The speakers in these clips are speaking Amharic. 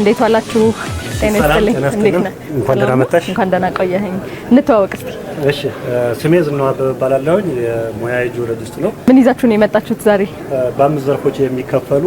እንዴት ዋላችሁ? ጤና ይስጥልኝ። እንዴት ነህ? እንኳን ደህና መጣሽ። እንኳን ደህና ቆየኸኝ። እንተዋወቅ እስቲ። እሺ፣ ስሜ ዝናዋ አበበ እባላለሁ። የሙያዬ ጂኦሎጂስት ነው። ምን ይዛችሁ ነው የመጣችሁት ዛሬ? በአምስት ዘርፎች የሚከፈሉ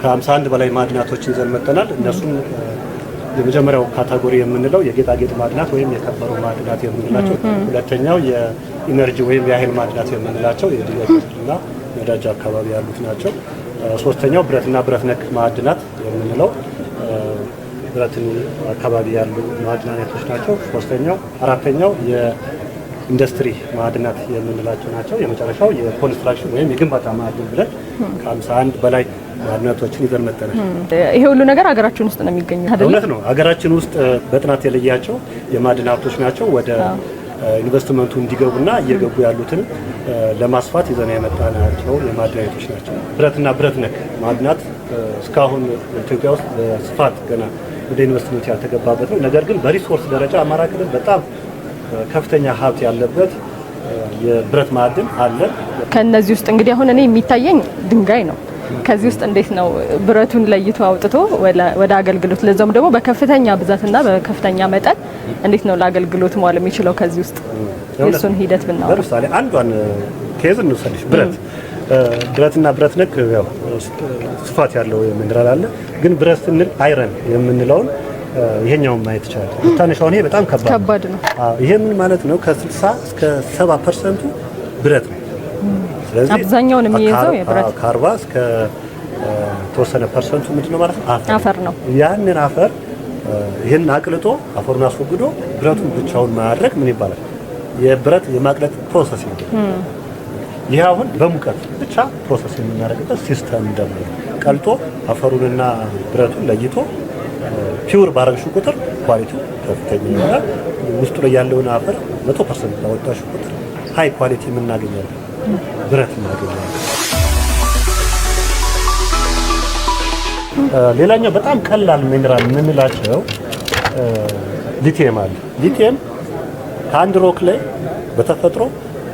ከ51 በላይ ማዕድናቶችን ይዘን መጥተናል። እነሱም የመጀመሪያው ካታጎሪ የምንለው የጌጣጌጥ ማዕድናት ወይም የከበሩ ማዕድናት የምንላቸው፣ ሁለተኛው የኢነርጂ ወይም የኃይል ማዕድናት የምንላቸው የድና ነዳጅ አካባቢ ያሉት ናቸው። ሶስተኛው ብረትና ብረት ነክ ማዕድናት የምንለው ብረትን አካባቢ ያሉ ማዕድን አይነቶች ናቸው። ሶስተኛው አራተኛው የኢንዱስትሪ ማዕድናት የምንላቸው ናቸው። የመጨረሻው የኮንስትራክሽን ወይም የግንባታ ማዕድን ብለን ከአምሳ አንድ በላይ ማዕድናቶችን ይዘን መጥተናል። ይሄ ሁሉ ነገር ሀገራችን ውስጥ ነው የሚገኘው። እውነት ነው። ሀገራችን ውስጥ በጥናት የለያቸው የማዕድን ናቸው ወደ ኢንቨስትመንቱ እንዲገቡና እየገቡ ያሉትን ለማስፋት ይዘን የመጣናቸው የማዕድናቶች ናቸው። ብረትና ብረት ነክ ማዕድናት እስካሁን ኢትዮጵያ ውስጥ በስፋት ገና ወደ ኢንቨስትመንት ያልተገባበት ነው። ነገር ግን በሪሶርስ ደረጃ አማራ ክልል በጣም ከፍተኛ ሀብት ያለበት የብረት ማዕድን አለ። ከእነዚህ ውስጥ እንግዲህ አሁን እኔ የሚታየኝ ድንጋይ ነው። ከዚህ ውስጥ እንዴት ነው ብረቱን ለይቶ አውጥቶ ወደ አገልግሎት ለዛውም ደግሞ በከፍተኛ ብዛትና በከፍተኛ መጠን እንዴት ነው ለአገልግሎት መዋል የሚችለው? ከዚህ ውስጥ የእሱን ሂደት ብናወራ ለምሳሌ አንዷን ኬዝ እንውሰድሽ። ብረት ብረትና ብረት ነክ ያው ስፋት ያለው የምንራል አለ፣ ግን ብረት ስንል አይረን የምንለውን ይሄኛውን ማየት ይችላል። ታነሻው ይሄ በጣም ከባድ ነው። ይሄ ምን ማለት ነው? ከ60 እስከ 70 ፐርሰንቱ ብረት ነው። ስለዚህ አብዛኛውን የሚይዘው የብረት ከአርባ እስከ ተወሰነ ፐርሰንቱ ነው ማለት አፈር ነው። ያንን አፈር ይህን አቅልጦ አፈሩን አስወግዶ ብረቱን ብቻውን ማድረግ ምን ይባላል? የብረት የማቅለጥ ፕሮሰስ ነው። ይህ አሁን በሙቀት ብቻ ፕሮሰስ የምናደርግበት ሲስተም ደግሞ ቀልጦ አፈሩንና ብረቱን ለይቶ ፒውር ባረግሽው ቁጥር ኳሊቲው ከፍተኛ ይሆናል። ውስጡ ላይ ያለውን አፈር መቶ ፐርሰንት ባወጣሽው ቁጥር ሀይ ኳሊቲ የምናገኛለን። ብረት እናገኛለን። ሌላኛው በጣም ቀላል ሚኒራል የምንላቸው ሊቲየም አለ። ሊቲየም ከአንድ ሮክ ላይ በተፈጥሮ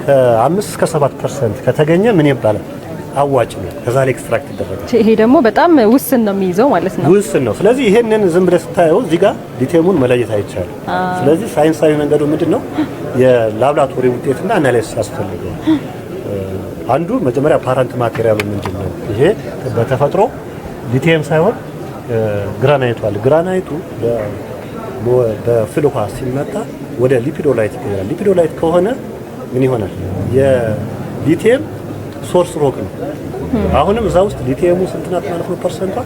ከአምስት እስከ ሰባት ፐርሰንት ከተገኘ ምን ይባላል? አዋጭ ነው። ከዛ ላይ ኤክስትራክት ይደረጋል። ይሄ ደግሞ በጣም ውስን ነው የሚይዘው ማለት ነው፣ ውስን ነው። ስለዚህ ይሄንን ዝም ብለህ ስታየው እዚህ ጋር ሊቲየሙን መለየት አይቻልም። ስለዚህ ሳይንሳዊ መንገዱ ምንድን ነው? የላብራቶሪ ውጤትና አናሊሲስ አስፈልገው? አንዱ መጀመሪያ ፓራንት ማቴሪያሉ ምንድን ነው? ይሄ በተፈጥሮ ሊቲየም ሳይሆን ግራናይቱ አለ። ግራናይቱ በፍል ውሃ ሲመጣ ወደ ሊፒዶላይት ይገኛል። ሊፒዶላይት ከሆነ ምን ይሆናል? የሊቲየም ሶርስ ሮክ ነው። አሁንም እዛ ውስጥ ሊቲየሙ ስንት ናት ማለት ነው? ፐርሰንቷ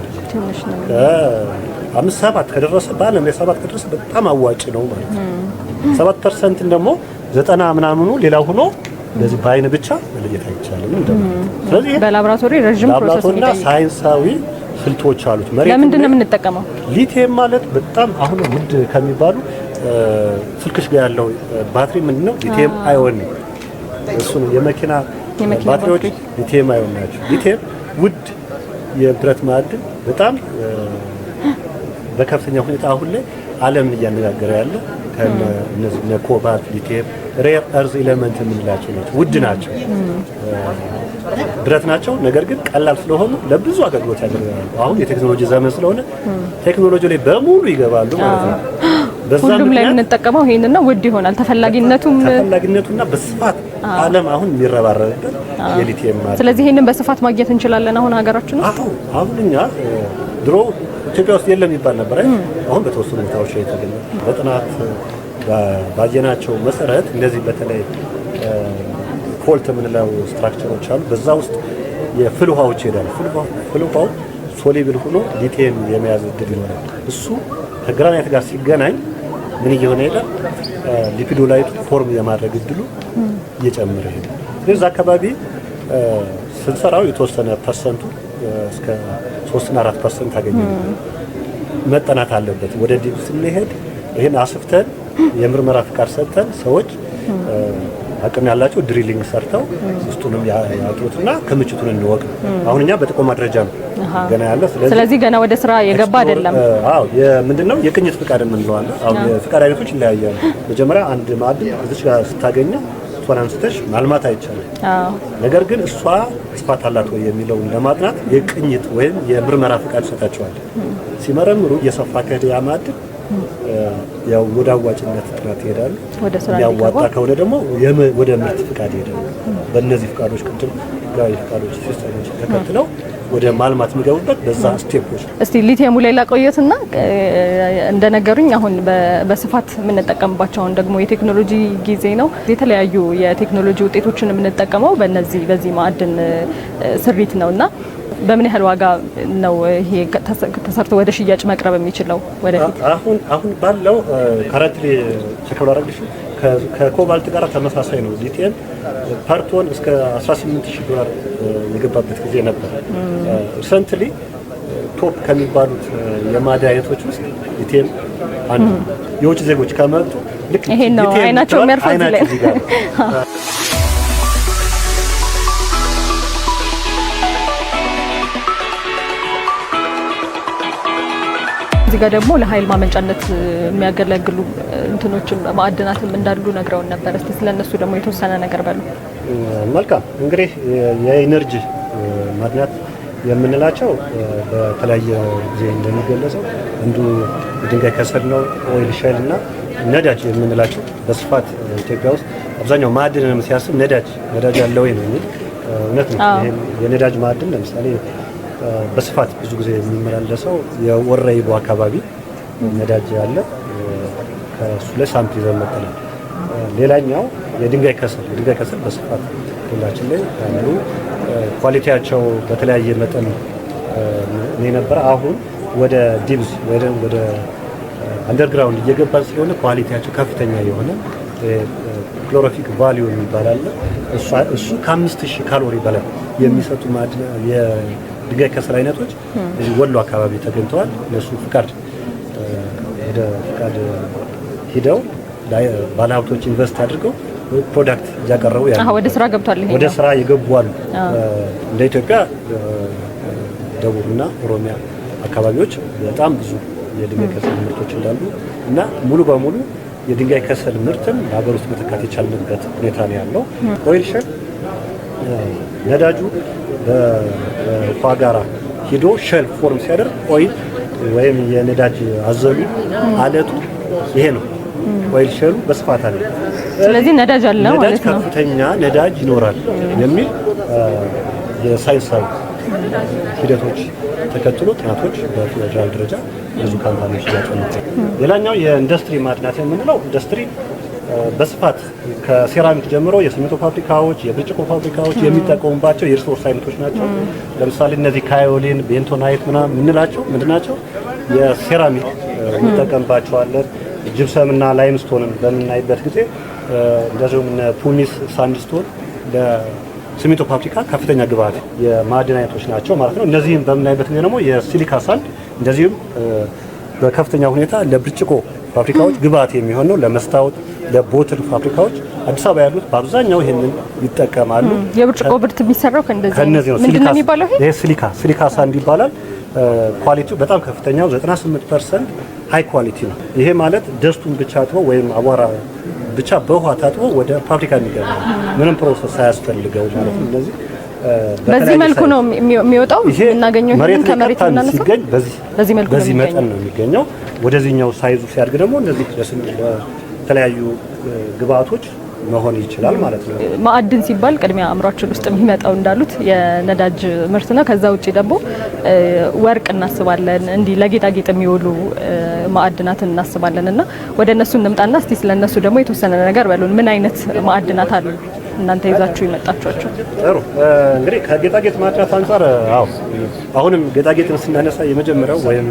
አምስት ሰባት ከደረሰ በዓለም ላይ ሰባት ከደረሰ በጣም አዋጭ ነው ማለት ነው። ሰባት ፐርሰንትን ደግሞ ዘጠና ምናምኑ ሌላ ሆኖ እንደዚህ በአይን ብቻ መለየት አይቻልም። ስለዚህ በላብራቶሪ ረጅም ፕሮሰስ እና ሳይንሳዊ ስልቶች አሉት። መሬት ለምንድን ነው የምንጠቀመው? ሊቲየም ማለት በጣም አሁን ውድ ከሚባሉ ስልክሽ ጋር ያለው ባትሪ ምንድነው? ሊቲየም አይሆን ነው። እሱ ነው የመኪና ባትሪዎች ሊቲየም አይሆን ናቸው። ሊቲየም ውድ የብረት ማዕድን በጣም በከፍተኛ ሁኔታ አሁን ላይ ዓለምን እያነጋገረ ያለ ኮባልት፣ ሊቴም ሬር እርዝ ኤሌመንት የምንላቸው ናቸው። ውድ ናቸው፣ ብረት ናቸው። ነገር ግን ቀላል ስለሆኑ ለብዙ አገልግሎት ያገለግላሉ። አሁን የቴክኖሎጂ ዘመን ስለሆነ ቴክኖሎጂ ላይ በሙሉ ይገባሉ ማለት ነው። ሁሉም ላይ የምንጠቀመው ይሄንን ነው። ውድ ይሆናል። ተፈላጊነቱም ተፈላጊነቱና በስፋት ዓለም አሁን የሚረባረብበት የሊቲየም ማለት ስለዚህ ይሄንን በስፋት ማግኘት እንችላለን አሁን ሀገራችን ነው። አሁን እኛ ድሮ ኢትዮጵያ ውስጥ የለም ይባል ነበር። አሁን በተወሰኑ ቦታዎች ላይ የተገኘ በጥናት ባየናቸው መሰረት እነዚህ በተለይ ኮልት የምንለው ስትራክቸሮች አሉ። በዛ ውስጥ የፍል ውሃዎች ይሄዳሉ። ፍል ውሃው ሶሊብል ሆኖ ሊቴም የመያዝ እድል ይኖራል። እሱ ከግራናይት ጋር ሲገናኝ ምን እየሆነ ይሄዳል? ሊፒዶላይቱ ፎርም የማድረግ እድሉ እየጨመረ ይሄዳል። ስለዚህ አካባቢ ስንሰራው የተወሰነ ፐርሰንቱ እስከ ሶስትና አራት ፐርሰንት ታገኘ መጠናት አለበት። ወደ ዲብ ስንሄድ ይህን አስፍተን የምርመራ ፍቃድ ሰጥተን ሰዎች አቅም ያላቸው ድሪሊንግ ሰርተው ውስጡንም ያጥሩትና ክምችቱን እንወቅ። አሁን እኛ በጥቆማ ደረጃ ነው ገና ያለ። ስለዚህ ገና ወደ ስራ የገባ አይደለም። አዎ ምንድነው የቅኝት ፍቃድ የምንለዋለን። አሁን የፍቃድ አይነቶች ይለያያሉ። መጀመሪያ አንድ ማዕድን እዚች ጋር ስታገኘ እሷን አንስተሽ ማልማት አይቻልም። ነገር ግን እሷ ስፋት አላት ወይ የሚለውን ለማጥናት የቅኝት ወይም የምርመራ ፈቃድ ይሰጣቸዋል። ሲመረምሩ እየሰፋ ከሄደ ያ ማዕድን ያው ወደ አዋጭነት ጥናት ይሄዳሉ። ያዋጣ ከሆነ ደግሞ ወደ ምርት ፍቃድ ይሄዳሉ። በእነዚህ ፍቃዶች ቅድም ህጋዊ ፍቃዶች ሲስተሞች ተከትለው ወደ ማልማት የሚገቡበት በዛ ስቴፖች። እስቲ ሊቲየሙ ላይ ላቆየትና እንደነገሩኝ አሁን በስፋት የምንጠቀምባቸው ደግሞ የቴክኖሎጂ ጊዜ ነው። የተለያዩ የቴክኖሎጂ ውጤቶችን የምንጠቀመው በነዚህ በዚህ ማዕድን ስሪት ነው እና በምን ያህል ዋጋ ነው ይሄ ተሰርቶ ወደ ሽያጭ መቅረብ የሚችለው? ወደፊት አሁን አሁን ባለው አረግሽ ከኮባልት ጋር ተመሳሳይ ነው። ሊቲየም ፓርቶን እስከ 18000 ዶላር የገባበት ጊዜ ነበር። ሪሰንትሊ ቶፕ ከሚባሉት የማዕድን አይነቶች ውስጥ ሊቲየም አንዱ የውጭ ዜጎች ከመጡ ልክ ነው አይናቸው የሚያርፈው እዚህ ጋር ደግሞ ለኃይል ማመንጫነት የሚያገለግሉ እንትኖችን ማዕድናትም እንዳሉ ነግረውን ነበር። እስቲ ስለነሱ ደግሞ የተወሰነ ነገር በሉ። መልካም እንግዲህ የኢነርጂ ማዕድናት የምንላቸው በተለያየ ጊዜ እንደሚገለጸው አንዱ ድንጋይ ከሰል ነው። ኦይል ሸል እና ነዳጅ የምንላቸው በስፋት ኢትዮጵያ ውስጥ አብዛኛው ማዕድን ሲያስብ ነዳጅ ነዳጅ ያለ ወይ ነው የሚል እውነት ነው። የነዳጅ ማዕድን ለምሳሌ በስፋት ብዙ ጊዜ የሚመላለሰው የወረይቦ አካባቢ ነዳጅ ያለ ከሱ ላይ ሳምፕል ይዘን መጥተናል። ሌላኛው የድንጋይ ከሰል የድንጋይ ከሰል በስፋት ሁላችን ላይ ያሉ ኳሊቲያቸው በተለያየ መጠን ነው የነበረ። አሁን ወደ ዲብዝ ወደ አንደርግራውንድ እየገባን ስለሆነ ኳሊቲያቸው ከፍተኛ የሆነ ክሎሮፊክ ቫሊዩ የሚባል አለ። እሱ ከአምስት ሺህ ካሎሪ በላይ የሚሰጡ ድንጋይ ከሰል አይነቶች እዚህ ወሎ አካባቢ ተገኝተዋል። እነሱ ፍቃድ ወደ ፍቃድ ሂደው ባለሀብቶች ኢንቨስት አድርገው ፕሮዳክት እያቀረቡ ያሉ ወደ ስራ ገብቷል። ወደ ስራ የገቡ አሉ። እንደ ኢትዮጵያ ደቡብና ኦሮሚያ አካባቢዎች በጣም ብዙ የድንጋይ ከሰል ምርቶች እንዳሉ እና ሙሉ በሙሉ የድንጋይ ከሰል ምርትን በሀገር ውስጥ መተካት የቻልንበት ሁኔታ ነው ያለው። ኦይል ሼል ነዳጁ በውሃ ጋራ ሂዶ ሸል ፎርም ሲያደርግ ኦይል ወይም የነዳጅ አዘሉ አለቱ ይሄ ነው። ኦይል ሸሉ በስፋት አለ። ስለዚህ ነዳጅ አለ ማለት ነው። ከፍተኛ ነዳጅ ይኖራል የሚል የሳይንሳዊ ሂደቶች ተከትሎ ጥናቶች በፌደራል ደረጃ ብዙ ካምፓኒዎች ያጠኑት። ሌላኛው የኢንዱስትሪ ማድናት የምንለው ኢንዱስትሪ በስፋት ከሴራሚክ ጀምሮ የሲሚንቶ ፋብሪካዎች፣ የብርጭቆ ፋብሪካዎች የሚጠቀሙባቸው የሪሶርስ አይነቶች ናቸው። ለምሳሌ እነዚህ ካዮሊን፣ ቤንቶናይት ምናምን የምንላቸው ምንድን ናቸው? የሴራሚክ እንጠቀምባቸዋለን። ጅብሰምና ላይምስቶንን በምናይበት ጊዜ እንደዚሁም ፑሚስ፣ ሳንድስቶን ለሲሚንቶ ፋብሪካ ከፍተኛ ግብዓት የማዕድን አይነቶች ናቸው ማለት ነው። እነዚህም በምናይበት ጊዜ ደግሞ የሲሊካ ሳንድ እንደዚሁም በከፍተኛ ሁኔታ ለብርጭቆ ፋብሪካዎች ግብዓት የሚሆን ነው ለመስታወት ለቦትል ፋብሪካዎች አዲስ አበባ ያሉት በአብዛኛው ይሄንን ይጠቀማሉ። የብርጭቆ ብርት የሚሰራው ከእንደዚህ ነው። ምንድን ነው የሚባለው? ይሄ ሲሊካ ሲሊካ ሳንድ ይባላል። ኳሊቲው በጣም ከፍተኛው 98% ሃይ ኳሊቲ ነው። ይሄ ማለት ደስቱን ብቻ አጥቦ ወይም አቧራ ብቻ በውሃ ታጥቦ ወደ ፋብሪካ የሚገባ ምንም ፕሮሰስ ሳያስፈልገው ማለት ነው። እነዚህ በዚህ መልኩ ነው የሚወጣው። እናገኘው ይሄን ከመሬት እናነሳ በዚህ በዚህ መልኩ ነው የሚገኘው። ወደዚህኛው ሳይዙ ሲያድግ ደግሞ እነዚህ የተለያዩ ግብአቶች መሆን ይችላል ማለት ነው። ማዕድን ሲባል ቅድሚያ አእምሯችን ውስጥ የሚመጣው እንዳሉት የነዳጅ ምርት ነው። ከዛ ውጭ ደግሞ ወርቅ እናስባለን፣ እንዲህ ለጌጣጌጥ የሚውሉ ማዕድናትን እናስባለን እና ወደ እነሱ እንምጣና እስቲ ስለ እነሱ ደግሞ የተወሰነ ነገር በሉን። ምን አይነት ማዕድናት አሉ እናንተ ይዛችሁ ይመጣችኋቸው? ጥሩ እንግዲህ ከጌጣጌጥ ማዕድናት አንጻር አሁንም ጌጣጌጥን ስናነሳ የመጀመሪያው ወይም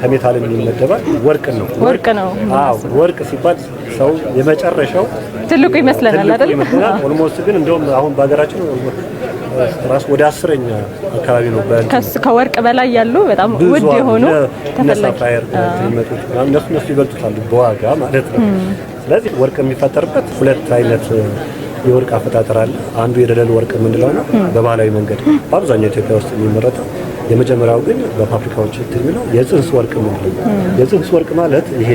ከሜታል የሚመደባል ወርቅ ነው። ወርቅ ነው። አዎ ወርቅ ሲባል ሰው የመጨረሻው ትልቁ ይመስለናል አይደል? ኦልሞስት ግን እንደውም አሁን በሀገራችን ራስ ወደ አስረኛ አካባቢ ነው። ከወርቅ በላይ ያሉ በጣም ውድ የሆኑ ተፈላጊ እነሱ እነሱ ይበልጡታሉ በዋጋ ማለት ነው። ስለዚህ ወርቅ የሚፈጠርበት ሁለት አይነት የወርቅ አፈጣጠር አለ። አንዱ የደለል ወርቅ የምንለው ነው፣ በባህላዊ መንገድ በአብዛኛው ኢትዮጵያ ውስጥ የሚመረተው የመጀመሪያው ግን በፋብሪካዎች የሚለው የጽንስ ወርቅ ምንድን ነው? የጽንስ ወርቅ ማለት ይሄ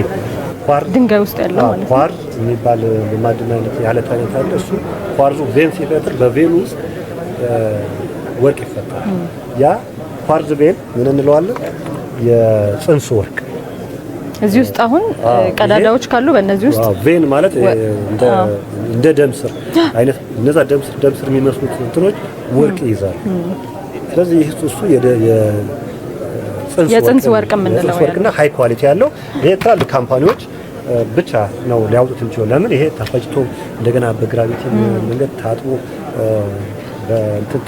ኳር ድንጋይ ውስጥ ያለው ማለት ኳር የሚባል ማዕድን አይነት ያለት አይነት አለ። እሱ ኳርዙ ቬን ሲፈጥር በቬኑ ውስጥ ወርቅ ይፈጠራል። ያ ኳርዝ ቬን ምን እንለዋለን? የጽንስ ወርቅ እዚህ ውስጥ አሁን ቀዳዳዎች ካሉ በእነዚህ ውስጥ ቬን ማለት እንደ ደም ስር አይነት እነዛ ደም ስር የሚመስሉት እንትኖች ወርቅ ይይዛሉ። ስለዚህ ይህ እሱ የጽንስ ወርቅ የምንለው ወርቅና ሀይ ኳሊቲ ያለው ይሄ ትላልቅ ካምፓኒዎች ብቻ ነው ሊያውጡት የሚችለው። ለምን ይሄ ተፈጭቶ እንደገና በግራቪቲ መንገድ ታጥቦ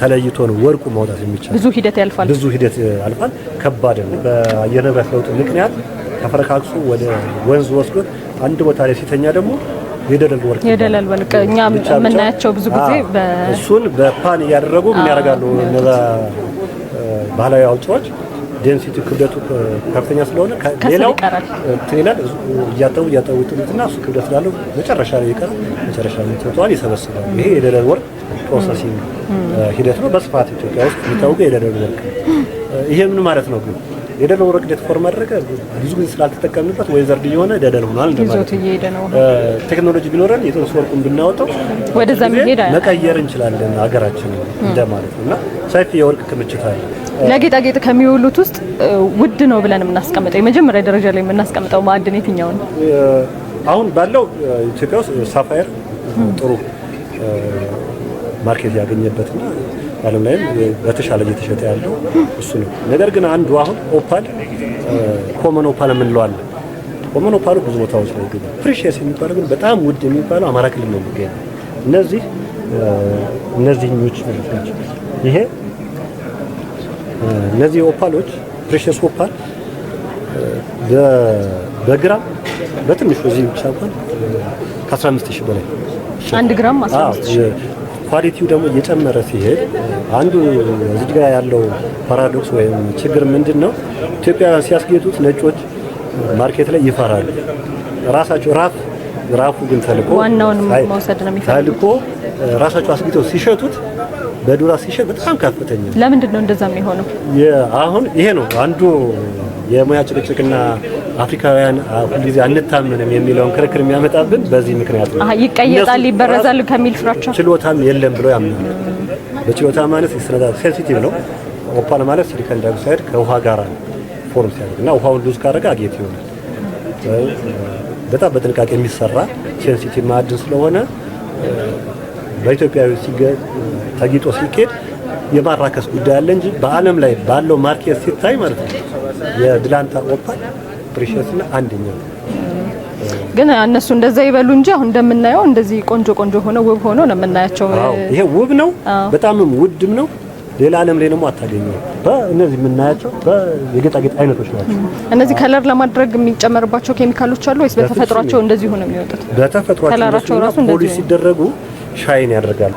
ተለይቶ ነው ወርቁ ማውጣት የሚቻል። ብዙ ሂደት ያልፋል፣ ብዙ ሂደት ያልፋል። ከባድ ነው። በአየር ንብረት ለውጥ ምክንያት ተፈረካክሶ ወደ ወንዝ ወስዶት አንድ ቦታ ላይ ሲተኛ ደግሞ የደለል ወርቅ የደለል ወርቅ እኛ የምናያቸው ብዙ ጊዜ እሱን በፓን እያደረጉ ምን ያደርጋሉ እነዛ ባህላዊ አውጫዎች ዴንሲቲ ክብደቱ ከፍተኛ ስለሆነ ሌላው ትይላል እያጠቡ እያጠቡ ጥሉትና እሱ ክብደት ስላለው መጨረሻ ላይ ይቀር መጨረሻ ላይ ትቷል ይሰበስባል። ይሄ የደለል ወርቅ ፕሮሰሲንግ ሂደት ነው። በስፋት ኢትዮጵያ ውስጥ የሚታወቀው የደለል ወርቅ ይሄ ምን ማለት ነው ግን የደለ ወረቅ ዲፎርም አደረገ ብዙ ጊዜ ስላልተጠቀምንበት ወይ ዘርድ እየሆነ ደደል ሆኗል። ይዞት እየሄደ ነው። ቴክኖሎጂ ቢኖረን የጥንስ ወርቁን ብናወጣው ወደዛ የሚሄድ መቀየር እንችላለን ሀገራችን እንደማለት እና ሰፊ የወርቅ ክምችት አለ። ለጌጣጌጥ ከሚውሉት ውስጥ ውድ ነው ብለን የምናስቀምጠው የመጀመሪያ ደረጃ ላይ የምናስቀምጠው ማዕድን የትኛው ነው? አሁን ባለው ኢትዮጵያ ውስጥ ሳፋየር ጥሩ ማርኬት ያገኘበትና ዓለም ላይም በተሻለ እየተሸጠ ያለው እሱ ነው። ነገር ግን አንዱ አሁን ኦፓል ኮመን ኦፓል የምንለው አለ። ኮመን ኦፓሉ ብዙ ቦታዎች ላይ ይገኛል። ፕሪሽስ የሚባለው ግን በጣም ውድ የሚባለው አማራ ክልል ነው የሚገኝ። እነዚህ እነዚህ እነዚህኞች ናቸው። ይሄ እነዚህ ኦፓሎች ፕሪሽስ ኦፓል በግራም በትንሹ እዚህ ብቻ እንኳን ከ15000 በላይ አንድ ግራም 15000 ኳሊቲው ደግሞ እየጨመረ ሲሄድ አንዱ እዚህ ጋር ያለው ፓራዶክስ ወይም ችግር ምንድን ነው? ኢትዮጵያውያን ሲያስጌጡት ነጮች ማርኬት ላይ ይፈራሉ። ራሳቸው ራፍ ራፉ ግን ተልኮ ዋናውን መውሰድ ነው የሚፈልጉት። ተልኮ ራሳቸው አስጌጠው ሲሸጡት በዶላር ሲሸጥ በጣም ከፍተኛ። ለምንድን ነው እንደዛ የሚሆነው? አሁን ይሄ ነው አንዱ የሙያ ጭቅጭቅና አፍሪካውያን ሁልጊዜ አንታመንም የሚለውን ክርክር የሚያመጣብን በዚህ ምክንያት ነው። ይቀየጣል፣ ይበረዛል ከሚል ፍራቻ ችሎታም የለም ብሎ ያምናል። በችሎታ ማለት ሰነዳ ሴንሲቲቭ ነው። ኦፓል ማለት ሲሊከን ዳይኦክሳይድ ከውሃ ጋር ፎርም ሲያደርግ እና ውሃውን ሉዝ ካደረገ አጌት ይሆናል። በጣም በጥንቃቄ የሚሰራ ሴንሲቲቭ ማዕድን ስለሆነ በኢትዮጵያዊ ተጊጦ ሲኬድ የማራከስ ጉዳይ አለ እንጂ በዓለም ላይ ባለው ማርኬት ሲታይ ማለት ነው የድላንታ ኦፓል ፕሪሸስ እና አንደኛ ነው። ግን እነሱ እንደዛ ይበሉ እንጂ አሁን እንደምናየው እንደዚህ ቆንጆ ቆንጆ ሆነ ውብ ሆኖ ነው የምናያቸው። ይሄ ውብ ነው፣ በጣምም ውድም ነው። ሌላ ዓለም ላይ ደግሞ አታገኘው። በእነዚህ የምናያቸው የጌጣጌጥ አይነቶች ናቸው። እነዚህ ከለር ለማድረግ የሚጨመርባቸው ኬሚካሎች አሉ ወይስ በተፈጥሯቸው እንደዚህ ሆነ የሚወጡት? በተፈጥሯቸው ከለራቸው ራሱ እንደዚህ ሲደረጉ ሻይን ያደርጋሉ።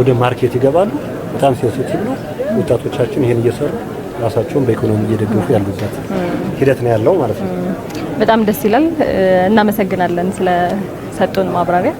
ወደ ማርኬት ይገባሉ። በጣም ሴንሲቲቭ ነው። ወጣቶቻችን ይሄን እየሰሩ ራሳቸውን በኢኮኖሚ እየደገፉ ያሉበት ሂደት ነው ያለው ማለት ነው። በጣም ደስ ይላል። እናመሰግናለን ስለሰጡን ማብራሪያ።